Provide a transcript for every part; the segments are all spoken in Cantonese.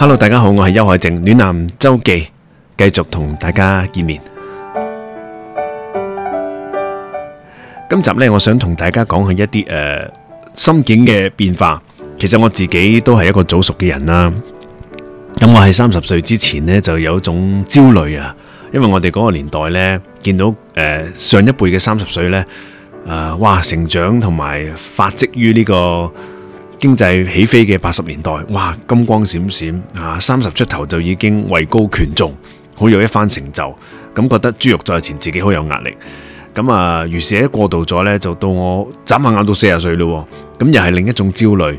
Hello，大家好，我係邱海靖，暖男周記，繼續同大家見面。今集呢，我想同大家講一下一啲誒、呃、心境嘅變化。其實我自己都係一個早熟嘅人啦。咁我喺三十歲之前呢，就有一種焦慮啊。因為我哋嗰個年代呢，見到誒、呃、上一輩嘅三十歲呢，啊、呃，哇，成長同埋發跡於呢、這個。經濟起飛嘅八十年代，哇，金光閃閃啊！三十出頭就已經位高權重，好有一番成就。咁覺得珠玉在前，自己好有壓力。咁啊，於是喺過渡咗呢，就到我眨下眼到四十歲嘞。咁又係另一種焦慮。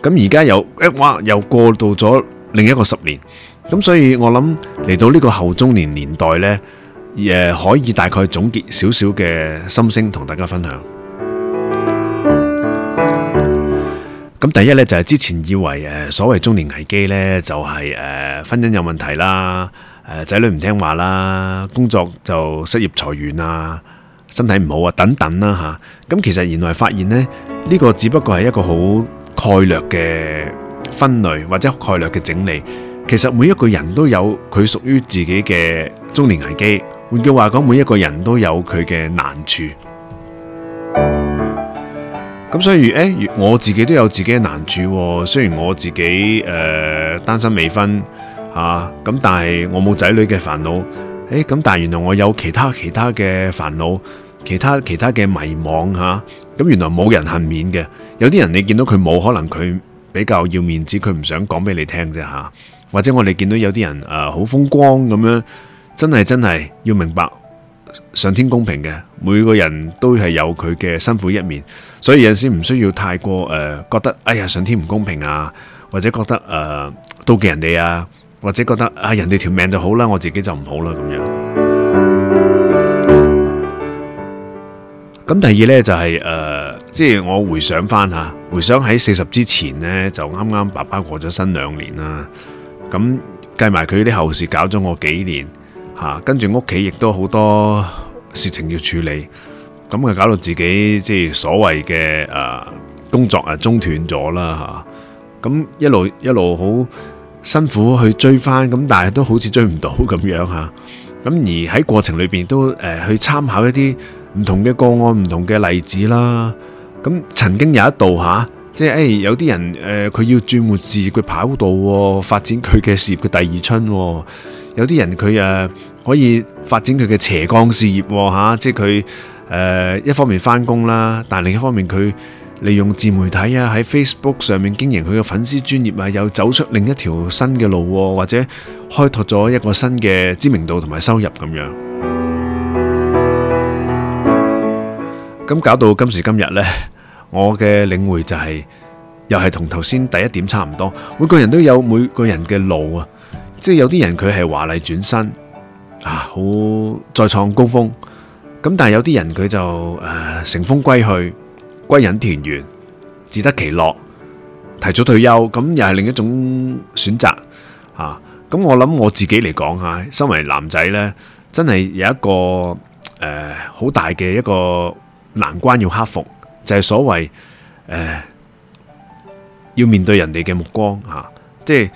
咁而家又一哇，又過渡咗另一個十年。咁所以我諗嚟到呢個後中年年代呢，誒、呃、可以大概總結少少嘅心聲，同大家分享。咁第一咧，就係之前以為誒所謂中年危機呢，就係誒婚姻有問題啦，誒仔女唔聽話啦，工作就失業裁員啊，身體唔好啊等等啦吓。咁其實原來發現呢，呢、呢個只不過係一個好概略嘅分類或者概略嘅整理。其實每一個人都有佢屬於自己嘅中年危機。換句話講，每一個人都有佢嘅難處。咁所以，誒，我自己都有自己嘅難處。雖然我自己誒、呃、單身未婚吓，咁、啊、但係我冇仔女嘅煩惱。誒，咁但係原來我有其他其他嘅煩惱，其他其他嘅迷惘。吓、啊。咁原來冇人幸免嘅。有啲人你見到佢冇，可能佢比較要面子，佢唔想講俾你聽啫吓。或者我哋見到有啲人誒好、呃、風光咁樣，真係真係要明白。上天公平嘅，每個人都係有佢嘅辛苦一面，所以有陣時唔需要太過誒、呃、覺得，哎呀上天唔公平啊，或者覺得誒妒忌人哋啊，或者覺得啊人哋條命就好啦，我自己就唔好啦、啊、咁樣。咁、嗯、第二呢，就係、是、誒、呃，即係我回想翻吓，回想喺四十之前呢，就啱啱爸爸過咗身兩年啦，咁計埋佢啲後事搞咗我幾年吓、啊，跟住屋企亦都好多。事情要處理，咁啊搞到自己即係所謂嘅誒、呃、工作啊中斷咗啦嚇，咁、啊、一路一路好辛苦去追翻，咁但係都好似追唔到咁樣嚇，咁、啊、而喺過程裏邊都誒、呃、去參考一啲唔同嘅個案、唔同嘅例子啦，咁、啊、曾經有一度嚇，即係誒有啲人誒佢、呃、要轉換事，、啊、事業嘅跑道發展佢嘅事業嘅第二春，啊、有啲人佢誒。啊可以發展佢嘅斜槓事業喎，嚇，即係佢誒一方面返工啦，但係另一方面佢利用自媒體啊，喺 Facebook 上面經營佢嘅粉絲專業啊，又走出另一條新嘅路，或者開拓咗一個新嘅知名度同埋收入咁樣。咁搞到今時今日呢，我嘅領會就係又係同頭先第一點差唔多，每個人都有每個人嘅路啊，即係有啲人佢係華麗轉身。啊！好再創高峰，咁但係有啲人佢就誒乘風歸去，歸隱田園，自得其樂，提早退休，咁又係另一種選擇啊！咁我諗我自己嚟講吓，身為男仔呢，真係有一個誒好大嘅一個難關要克服，就係所謂誒要面對人哋嘅目光吓，即係。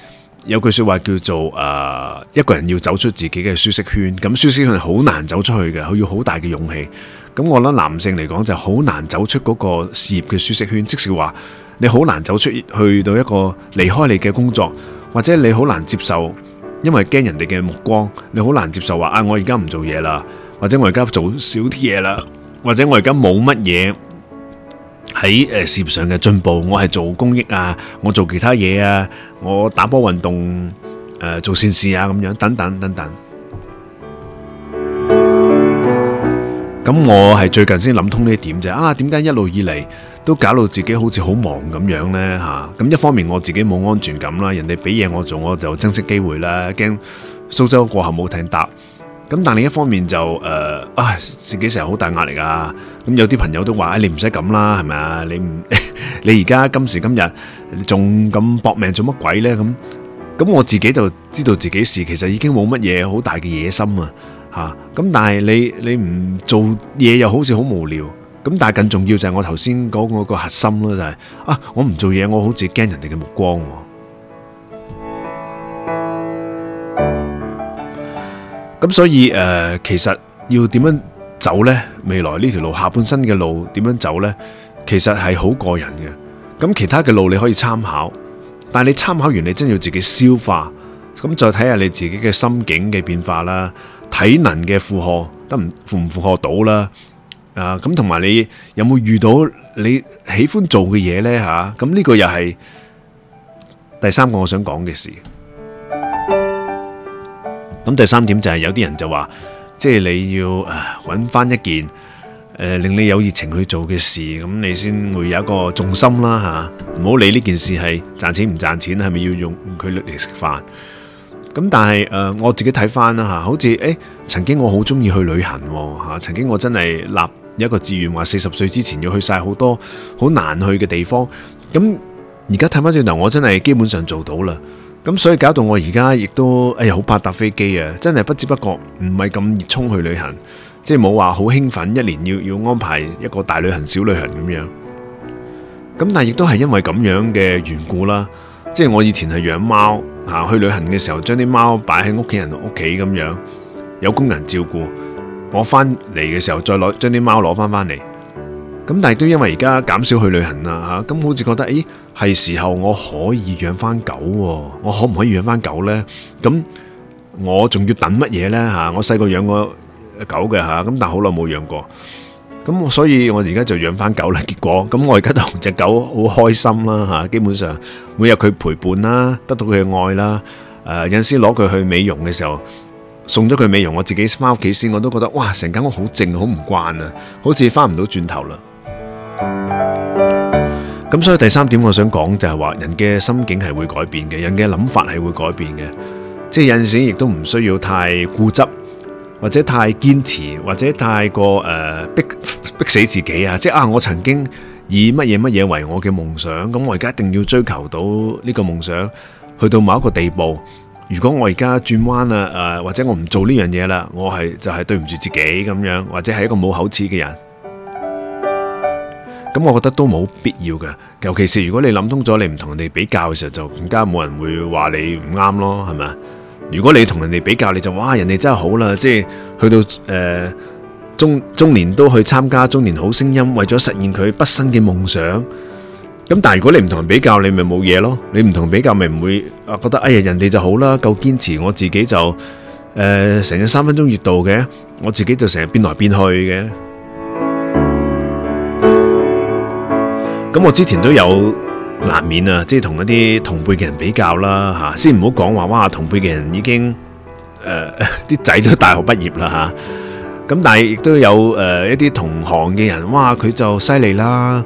有句說話叫做誒、呃，一個人要走出自己嘅舒適圈，咁舒適圈係好難走出去嘅，佢要好大嘅勇氣。咁我諗男性嚟講就好難走出嗰個事業嘅舒適圈，即使話你好難走出去到一個離開你嘅工作，或者你好難接受，因為驚人哋嘅目光，你好難接受話啊，我而家唔做嘢啦，或者我而家做少啲嘢啦，或者我而家冇乜嘢。喺誒事業上嘅進步，我係做公益啊，我做其他嘢啊，我打波運動誒、呃、做善事啊，咁樣等等等等。咁 我係最近先諗通呢一點啫，啊，點解一路以嚟都搞到自己好似好忙咁樣呢？吓、啊？咁一方面我自己冇安全感啦，人哋俾嘢我做我就珍惜機會啦，驚蘇州過後冇艇搭。咁但另一方面就誒、呃、啊，自己成日好大壓力啊，咁有啲朋友都話、哎、你唔使咁啦係咪啊？你唔 你而家今時今日你仲咁搏命做乜鬼呢？咁，咁我自己就知道自己事，其實已經冇乜嘢好大嘅野心啊，嚇咁、啊、但係你你唔做嘢又好似好無聊咁，但係更重要就係我頭先講我個核心咯、啊、就係、是、啊我唔做嘢我好似驚人哋嘅目光喎、啊。咁所以誒、呃，其實要點樣走呢？未來呢條路下半身嘅路點樣走呢？其實係好個人嘅。咁其他嘅路你可以參考，但係你參考完你真要自己消化。咁再睇下你自己嘅心境嘅變化啦，體能嘅負荷得唔負唔負荷到啦。啊，咁同埋你有冇遇到你喜歡做嘅嘢呢？吓，咁呢個又係第三個我想講嘅事。咁第三點就係有啲人就話，即係你要誒揾翻一件誒令你有熱情去做嘅事，咁你先會有一個重心啦吓。唔好理呢件事係賺錢唔賺錢，係咪要用佢嚟食飯？咁但係誒，我自己睇翻啦吓，好似誒、欸，曾經我好中意去旅行吓，曾經我真係立一個志願話，四十歲之前要去晒好多好難去嘅地方。咁而家睇翻轉頭，我真係基本上做到啦。咁所以搞到我而家亦都哎呀，好怕搭飛機啊！真係不知不覺，唔係咁熱衷去旅行，即係冇話好興奮，一年要要安排一個大旅行、小旅行咁樣。咁但係亦都係因為咁樣嘅緣故啦，即係我以前係養貓吓，去旅行嘅時候將啲貓擺喺屋企人屋企咁樣，有工人照顧，我翻嚟嘅時候再攞將啲貓攞翻翻嚟。咁但係都因為而家減少去旅行啦吓，咁好似覺得，誒係時候我可以養翻狗喎，我可唔可以養翻狗呢？咁我仲要等乜嘢呢吓？我細個養過狗嘅吓，咁但係好耐冇養過，咁所以我而家就養翻狗啦。結果咁我而家同隻狗好開心啦吓，基本上每日佢陪伴啦，得到佢嘅愛啦。誒，有陣時攞佢去美容嘅時候，送咗佢美容，我自己翻屋企先，我都覺得哇，成間屋好靜，好唔慣啊，好似翻唔到轉頭啦。咁所以第三點我想講就係話，人嘅心境係會改變嘅，人嘅諗法係會改變嘅，即係有陣時亦都唔需要太固執，或者太堅持，或者太過誒、呃、逼逼死自己啊！即係啊，我曾經以乜嘢乜嘢為我嘅夢想，咁我而家一定要追求到呢個夢想，去到某一個地步。如果我而家轉彎啦誒，或者我唔做呢樣嘢啦，我係就係對唔住自己咁樣，或者係一個冇口齒嘅人。咁我覺得都冇必要嘅，尤其是如果你諗通咗，你唔同人哋比較嘅時候，就更加冇人會話你唔啱咯，係咪？如果你同人哋比較，你就哇，人哋真係好啦，即係去到誒、呃、中中年都去參加中年好聲音，為咗實現佢畢生嘅夢想。咁但係如果你唔同人比較，你咪冇嘢咯。你唔同比較，咪唔會啊，覺得哎呀，人哋就好啦，夠堅持。我自己就誒成日三分鐘熱度嘅，我自己就成日變來變去嘅。咁我之前都有難免啊，即係同一啲同輩嘅人比較啦、啊，吓先唔好講話哇，同輩嘅人已經誒啲仔都大學畢業啦吓，咁、啊、但係亦都有誒、呃、一啲同行嘅人，哇佢就犀利啦，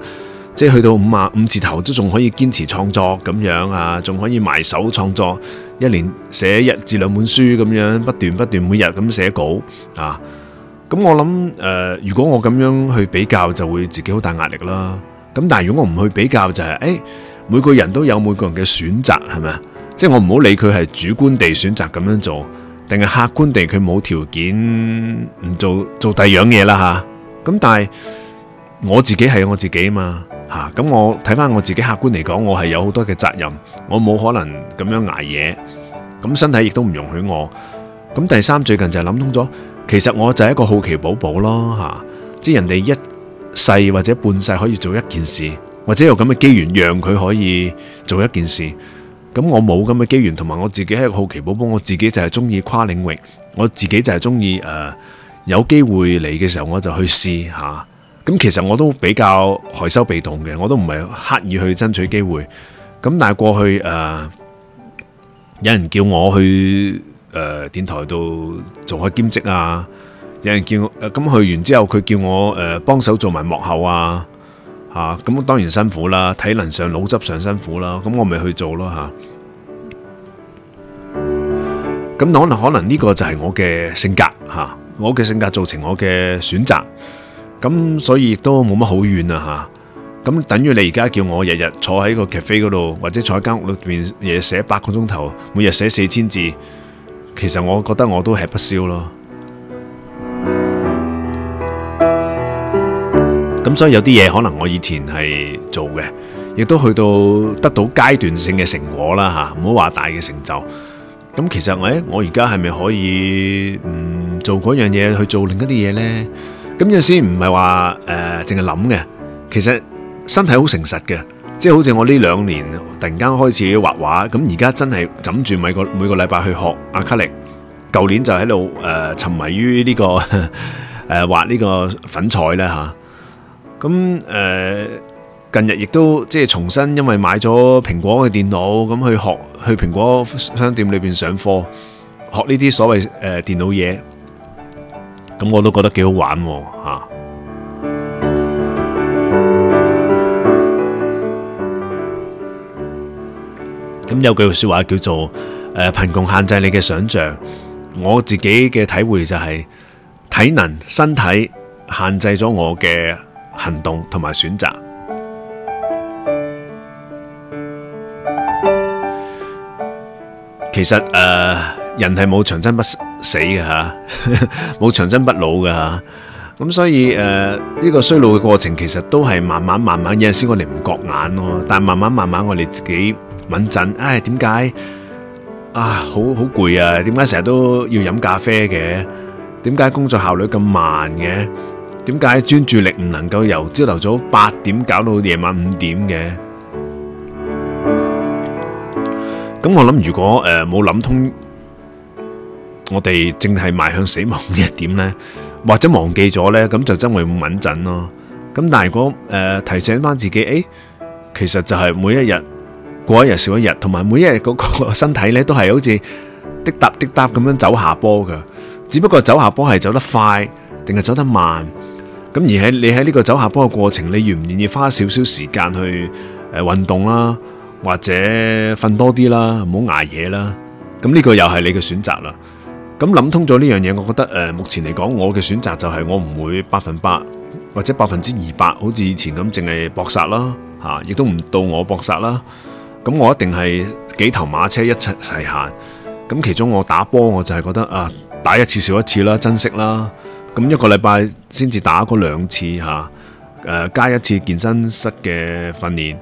即、就、係、是、去到五十五字頭都仲可以堅持創作咁樣啊，仲可以埋手創作，一年寫一至兩本書咁樣，不斷不斷每日咁寫稿啊。咁我諗誒、呃，如果我咁樣去比較，就會自己好大壓力啦。咁但係如果我唔去比較就係、是，誒、欸、每個人都有每個人嘅選擇係咪？即係我唔好理佢係主觀地選擇咁樣做，定係客觀地佢冇條件唔做做第二樣嘢啦吓，咁、啊、但係我自己係我自己嘛啊嘛吓，咁我睇翻我自己客觀嚟講，我係有好多嘅責任，我冇可能咁樣捱嘢。咁身體亦都唔容許我。咁第三最近就係諗通咗，其實我就係一個好奇寶寶咯吓，即、啊、係、就是、人哋一。細或者半世可以做一件事，或者有咁嘅機緣讓佢可以做一件事。咁我冇咁嘅機緣，同埋我自己係一個好奇寶寶，我自己就係中意跨領域，我自己就係中意誒，有機會嚟嘅時候我就去試下。咁其實我都比較害羞被動嘅，我都唔係刻意去爭取機會。咁但係過去誒、呃，有人叫我去誒、呃、電台度做下兼職啊。有人叫我，咁去完之後，佢叫我誒、呃、幫手做埋幕後啊，嚇、啊、咁當然辛苦啦，體能上、腦汁上辛苦啦，咁我咪去做咯嚇。咁、啊、可能可能呢個就係我嘅性格嚇、啊，我嘅性格造成我嘅選擇，咁、啊、所以都冇乜好怨啊嚇。咁、啊、等於你而家叫我日日坐喺個咖啡嗰度，或者坐喺間屋裏邊日日寫八個鐘頭，每日寫，寫四千字，其實我覺得我都吃不消咯。咁所以有啲嘢可能我以前係做嘅，亦都去到得到階段性嘅成果啦吓，唔好話大嘅成就。咁其實、哎、我我而家係咪可以唔、嗯、做嗰樣嘢去做另一啲嘢呢？咁有時唔係話誒淨係諗嘅，其實身體很誠實的、就是、好誠實嘅，即係好似我呢兩年突然間開始畫畫，咁而家真係枕住每個每個禮拜去學阿卡力，舊年就喺度誒沉迷於呢、呢個誒畫呢個粉彩咧嚇。啊咁誒、呃、近日亦都即係重新，因為買咗蘋果嘅電腦，咁去學去蘋果商店裏面上課，學呢啲所謂誒、呃、電腦嘢，咁我都覺得幾好玩喎、哦、咁、啊、有句說話叫做誒貧窮限制你嘅想像，我自己嘅體會就係、是、體能身體限制咗我嘅行動同埋選擇，其實誒、呃，人係冇長生不死嘅吓，冇長生不老嘅吓，咁所以誒，呢、呃這個衰老嘅過程其實都係慢慢慢慢，有陣時我哋唔覺眼咯，但慢慢慢慢我哋自己穩陣，唉、哎，點解啊，好好攰啊，點解成日都要飲咖啡嘅，點解工作效率咁慢嘅？點解專注力唔能夠由朝頭早八點搞到夜晚五點嘅？咁我諗如果誒冇諗通，我哋淨係邁向死亡嘅一點咧，或者忘記咗咧，咁就真會唔穩陣咯。咁但係如果誒提醒翻自己，誒其實就係每一日過一日少一日，同埋每一日嗰個身體咧都係好似滴答滴答咁樣走下坡噶，只不過走下坡係走得快定係走得慢。咁而喺你喺呢個走下坡嘅過程，你願唔願意花少少時間去誒呃、運動啦，或者瞓多啲啦，唔好挨夜啦。咁呢個又係你嘅選擇啦。咁諗通咗呢樣嘢，我覺得誒、呃，目前嚟講，我嘅選擇就係我唔會百分百或者百分之二百，好似以前咁淨係搏殺啦，吓亦都唔到我搏殺啦。咁我一定係幾頭馬車一齊齊行。咁其中我打波，我就係覺得啊，打一次少一次啦，珍惜啦。咁一個禮拜先至打過兩次吓，誒、啊、加一次健身室嘅訓練，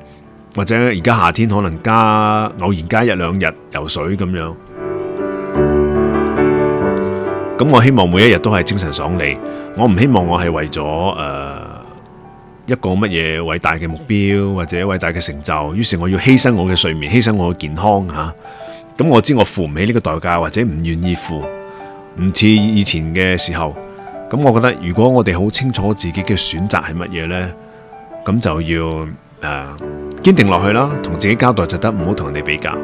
或者而家夏天可能加，偶然加一兩日游水咁樣。咁我希望每一日都係精神爽利，我唔希望我係為咗誒、呃、一個乜嘢偉大嘅目標或者偉大嘅成就，於是我要犧牲我嘅睡眠，犧牲我嘅健康吓。咁、啊、我知我付唔起呢個代價，或者唔願意付，唔似以前嘅時候。咁我覺得，如果我哋好清楚自己嘅選擇係乜嘢呢，咁就要誒、呃、堅定落去啦，同自己交代就得，唔好同人哋比較。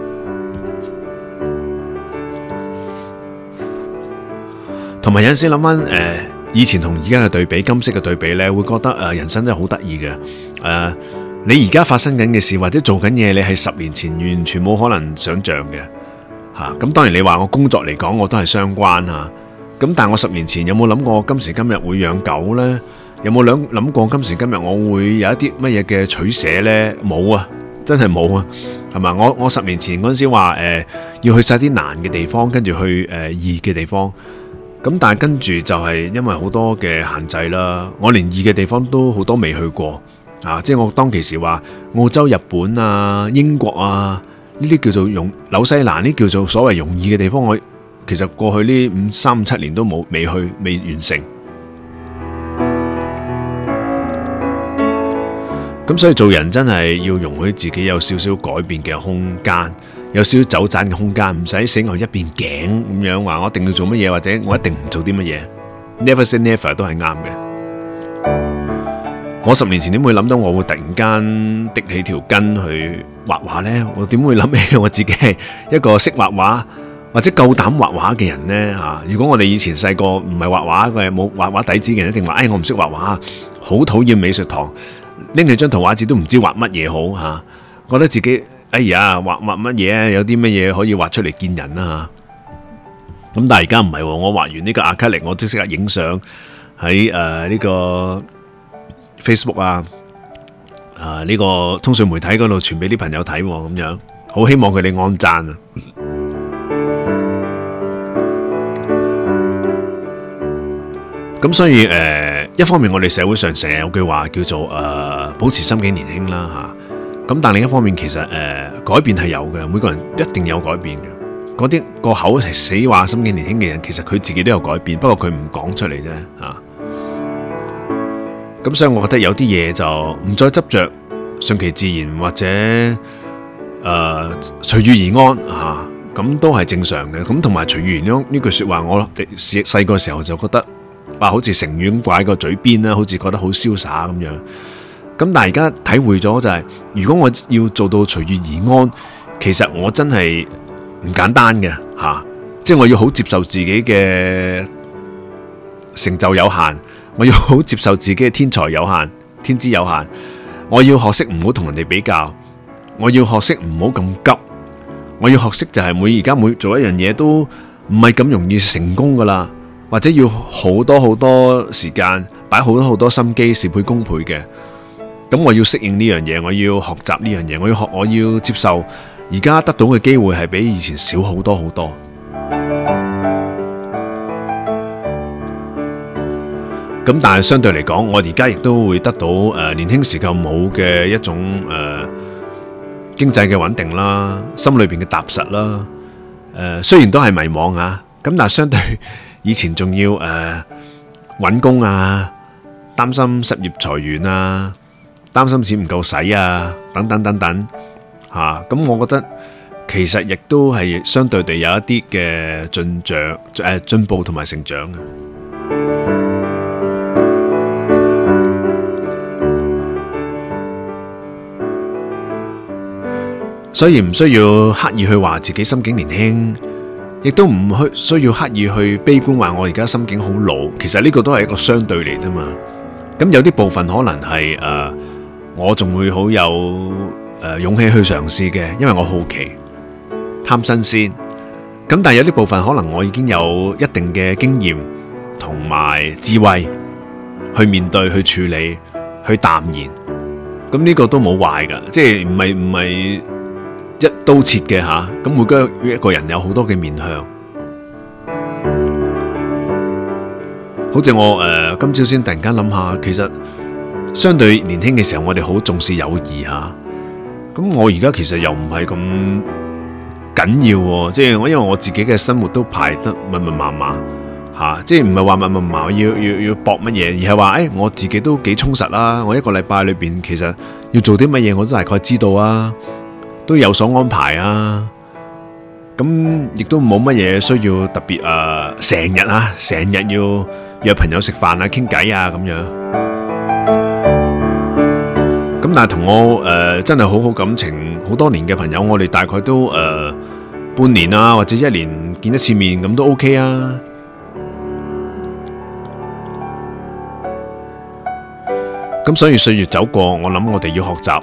同埋，嗯、有陣時諗翻誒，以前同而家嘅對比，今昔嘅對比呢，會覺得誒、呃、人生真係好得意嘅。誒、呃，你而家發生緊嘅事或者做緊嘢，你係十年前完全冇可能想象嘅。吓、啊，咁當然你話我工作嚟講，我都係相關啊。咁但係我十年前有冇諗過今時今日會養狗呢？有冇諗諗過今時今日我會有一啲乜嘢嘅取捨呢？冇啊，真係冇啊，係嘛？我我十年前嗰陣時話誒、呃、要去晒啲難嘅地方，跟住去誒、呃、易嘅地方。咁但係跟住就係因為好多嘅限制啦，我連易嘅地方都好多未去過啊！即係我當其時話澳洲、日本啊、英國啊呢啲叫做容紐西蘭呢啲叫做所謂容易嘅地方我。其實過去呢五三五七年都冇未去未完成，咁所以做人真係要容許自己有少少改變嘅空間，有少少走盞嘅空間，唔使死牛一邊頸咁樣話我一定要做乜嘢，或者我一定唔做啲乜嘢。Never say never 都係啱嘅。我十年前點會諗到我會突然間滴起條筋去畫畫呢？我點會諗起我自己係一個識畫畫？或者夠膽畫畫嘅人呢？嚇，如果我哋以前細個唔係畫畫嘅、冇畫畫底子嘅人，一定話，哎，我唔識畫畫，好討厭美術堂，拎起張圖畫紙都唔知畫乜嘢好嚇、啊，覺得自己哎呀，畫畫乜嘢，有啲乜嘢可以畫出嚟見人啦咁、啊、但係而家唔係喎，我畫完呢個阿卡尼，我都識得影相喺誒呢個 Facebook 啊、啊、呃、呢個通訊媒體嗰度傳俾啲朋友睇喎、哦，咁樣好希望佢哋按讚啊！咁所以誒，一方面我哋社會上成日有句話叫做誒，保持心境年輕啦吓。咁但另一方面，其實誒，改變係有嘅，每個人一定有改變嘅。嗰啲個口係死話心境年輕嘅人，其實佢自己都有改變，不過佢唔講出嚟啫吓。咁所以我覺得有啲嘢，就唔再執着，順其自然或者誒隨遇而安吓，咁都係正常嘅。咁同埋隨遇而安呢句說話，我哋細個嘅時候就覺得。話好似成語咁掛喺個嘴邊啦，好似覺得好瀟灑咁樣。咁但係而家體會咗就係，如果我要做到隨遇而安，其實我真係唔簡單嘅吓。即係我要好接受自己嘅成就有限，我要好接受自己嘅天才有限、天資有限。我要學識唔好同人哋比較，我要學識唔好咁急，我要學識就係每而家每做一樣嘢，都唔係咁容易成功噶啦。或者要好多好多時間，擺好多好多心機，事倍功倍嘅。咁我要適應呢樣嘢，我要學習呢樣嘢，我要學，我要接受。而家得到嘅機會係比以前少好多好多。咁但係相對嚟講，我而家亦都會得到誒年輕時候冇嘅一種誒經濟嘅穩定啦，心裏面嘅踏實啦。誒雖然都係迷茫啊，咁但係相對。以前仲要誒搵，呃、工啊，擔心失業裁員啊，擔心錢唔夠使啊，等等等等吓，咁、啊、我覺得其實亦都係相對地有一啲嘅進展進步同埋成長，所以唔需要刻意去話自己心境年輕。亦都唔去需要刻意去悲觀話我而家心境好老，其實呢個都係一個相對嚟，啫嘛。咁有啲部分可能係誒，我仲會好有誒勇氣去嘗試嘅，因為我好奇、貪新鮮。咁但係有啲部分可能我已經有一定嘅經驗同埋智慧去面對、去處理、去淡然。咁呢個都冇壞㗎，即係唔係唔係。一刀切嘅吓，咁每個一個人有好多嘅面向，好似我誒、呃，今朝先突然間諗下，其實相對年輕嘅時候，我哋好重視友誼吓。咁、啊、我而家其實又唔係咁緊要，即係我因為我自己嘅生活都排得密密麻麻吓，即係唔係話密密麻麻要要要搏乜嘢，而係話誒，我自己都幾充實啦。我一個禮拜裏邊其實要做啲乜嘢，我都大概知道啊。都有所安排啊！咁亦都冇乜嘢需要特別誒，成日啊，成日要約朋友食飯啊、傾偈啊咁樣。咁但係同我誒真係好好感情好多年嘅朋友，我哋大概都誒半年啊，或者一年見一次面咁都 OK 啊。咁所以歲月走過，我諗我哋要學習誒，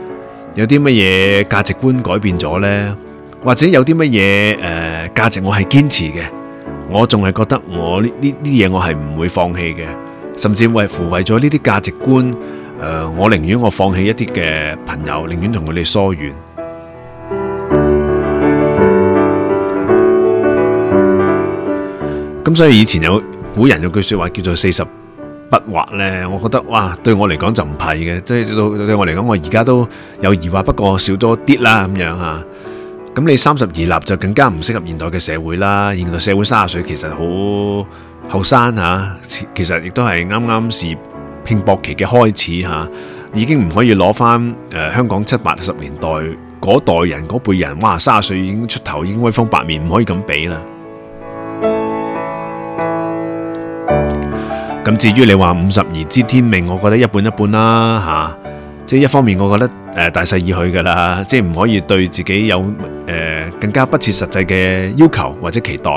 有啲乜嘢價值觀改變咗呢？或者有啲乜嘢誒價值我係堅持嘅，我仲係覺得我呢呢啲嘢我係唔會放棄嘅，甚至為乎為咗呢啲價值觀，誒、呃、我寧願我放棄一啲嘅朋友，寧願同佢哋疏遠。咁所以以前有古人有句説話叫做四十不惑呢，我覺得哇，對我嚟講就唔係嘅，即係對我嚟講，我而家都有疑惑，不過少咗啲啦，咁樣嚇。咁你三十而立就更加唔適合現代嘅社會啦。現代社會三十歲其實好後生，其實亦都係啱啱是拼搏期嘅開始嚇，已經唔可以攞翻香港七八十年代嗰代人嗰輩人，哇，三十歲已經出頭，已經威風八面，唔可以咁比啦。咁至於你話五十而知天命，我覺得一半一半啦、啊、嚇、啊。即係一方面，我覺得誒、呃、大勢已去噶啦、啊，即係唔可以對自己有誒、呃、更加不切實際嘅要求或者期待。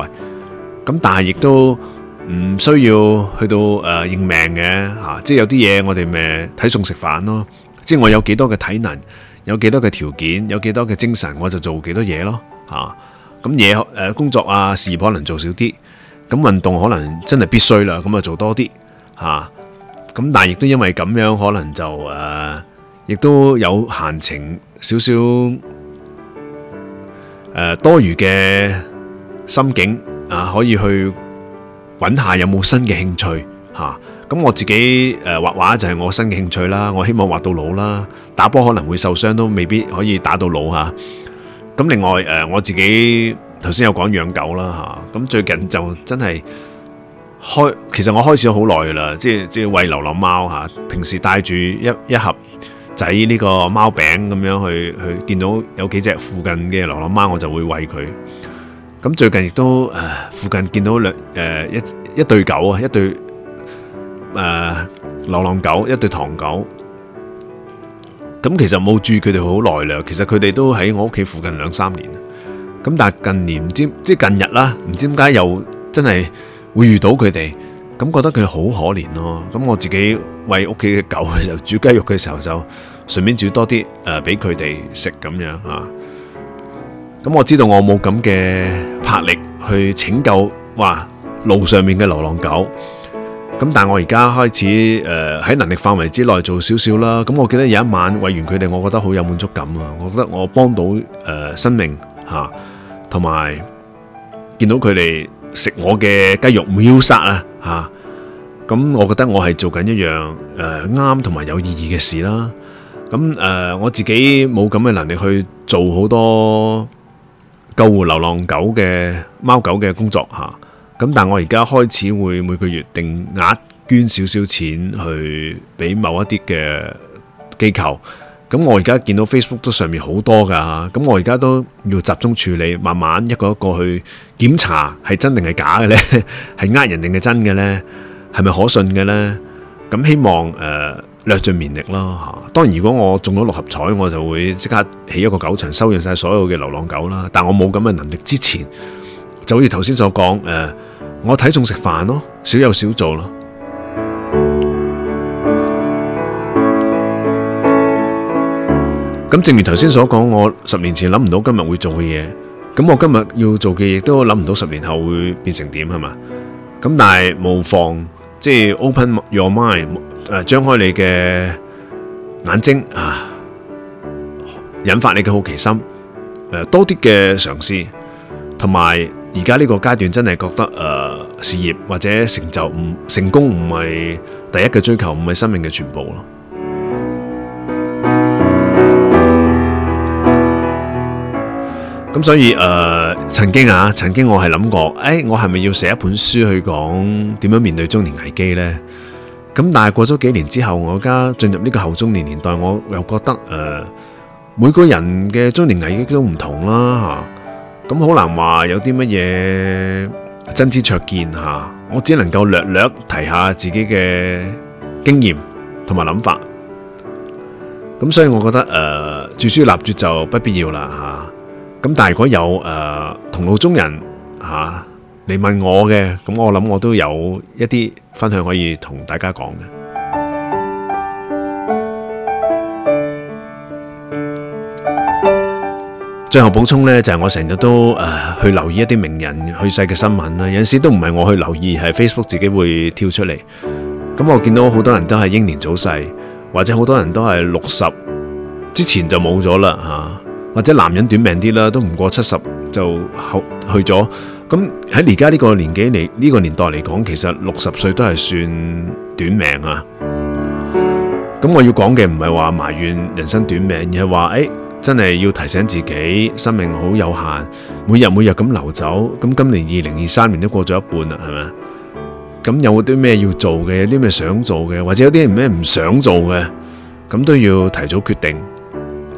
咁但係亦都唔需要去到誒、呃、認命嘅嚇、啊。即係有啲嘢我哋咪睇餸食飯咯。即係我有幾多嘅體能，有幾多嘅條件，有幾多嘅精神，我就做幾多嘢咯嚇。咁嘢誒工作啊事業可能做少啲。咁運動可能真係必須啦，咁啊做多啲吓，咁但係亦都因為咁樣可能就誒，亦都有閒情少少誒多餘嘅心境啊，可以去揾下有冇新嘅興趣吓。咁我自己誒畫畫就係我新嘅興趣啦，我希望畫到老啦。打波可能會受傷，都未必可以打到老吓。咁另外誒我自己。頭先有講養狗啦吓，咁最近就真係開，其實我開始咗好耐噶啦，即係即係餵流浪貓吓，平時帶住一一盒仔呢個貓餅咁樣去去，見到有幾隻附近嘅流浪貓，我就會餵佢。咁最近亦都誒，附近見到兩誒一一對狗啊，一對誒流浪狗，一對唐狗。咁其實冇住佢哋好耐啦，其實佢哋都喺我屋企附近兩三年。咁但係近年唔知即係近日啦，唔知點解又真係會遇到佢哋，咁覺得佢哋好可憐咯。咁我自己喂屋企嘅狗嘅時候，煮雞肉嘅時候就順便煮多啲誒，俾佢哋食咁樣啊。咁我知道我冇咁嘅魄力，去拯救哇路上面嘅流浪狗，咁但係我而家開始誒喺能力範圍之內做少少啦。咁我記得有一晚喂完佢哋，我覺得好有滿足感啊！我覺得我幫到誒生命吓。同埋，見到佢哋食我嘅雞肉秒殺啊！吓，咁我覺得我係做緊一樣誒啱同埋有意義嘅事啦。咁誒，我自己冇咁嘅能力去做好多救護流浪狗嘅貓狗嘅工作吓。咁但係我而家開始會每個月定額捐少少錢去俾某一啲嘅機構。咁我而家見到 Facebook 都上面好多㗎，咁我而家都要集中處理，慢慢一個一個去檢查係真定係假嘅呢？係 呃人定係真嘅呢？係咪可信嘅呢？咁希望誒、呃、略盡綿力咯嚇。當然，如果我中咗六合彩，我就會即刻起一個狗場，收養晒所有嘅流浪狗啦。但我冇咁嘅能力之前，就好似頭先所講誒、呃，我睇重食飯咯，少有少做咯。咁正如頭先所講，我十年前諗唔到今日會做嘅嘢，咁我今日要做嘅嘢都諗唔到十年後會變成點係嘛？咁但係無妨，即係 open your mind，誒，張開你嘅眼睛啊，引發你嘅好奇心，誒，多啲嘅嘗試，同埋而家呢個階段真係覺得誒，事業或者成就唔成功唔係第一嘅追求，唔係生命嘅全部咯。咁所以，誒曾經啊，曾經我係諗過，誒我係咪要寫一本書去講點樣面對中年危機呢？咁但係過咗幾年之後，我而家進入呢個後中年年代，我又覺得誒每個人嘅中年危機都唔同啦嚇，咁好難話有啲乜嘢真知灼見嚇，我只能夠略略提下自己嘅經驗同埋諗法。咁所以，我覺得誒著書立説就不必要啦嚇。咁但係如果有誒同路中人嚇，你問我嘅，咁我諗我都有一啲分享可以同大家講嘅。最後補充呢，就係我成日都誒去留意一啲名人去世嘅新聞啦。有陣時都唔係我去留意，係 Facebook 自己會跳出嚟。咁我見到好多人都係英年早逝，或者好多人都係六十之前就冇咗啦嚇。或者男人短命啲啦，都唔過七十就後去咗。咁喺而家呢個年紀嚟，呢個年代嚟講，其實六十歲都係算短命啊。咁我要講嘅唔係話埋怨人生短命，而係話誒，真係要提醒自己生命好有限，每日每日咁流走。咁今年二零二三年都過咗一半啦，係咪啊？咁有啲咩要做嘅，有啲咩想做嘅，或者有啲咩唔想做嘅，咁都要提早決定。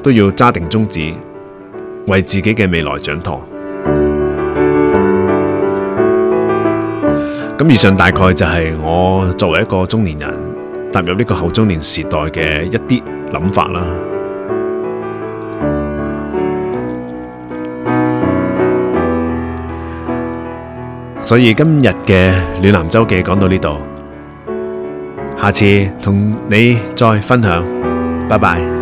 都要揸定宗旨，為自己嘅未來掌舵。咁以上大概就係我作為一個中年人踏入呢個後中年時代嘅一啲諗法啦。所以今日嘅暖男周記講到呢度，下次同你再分享，拜拜。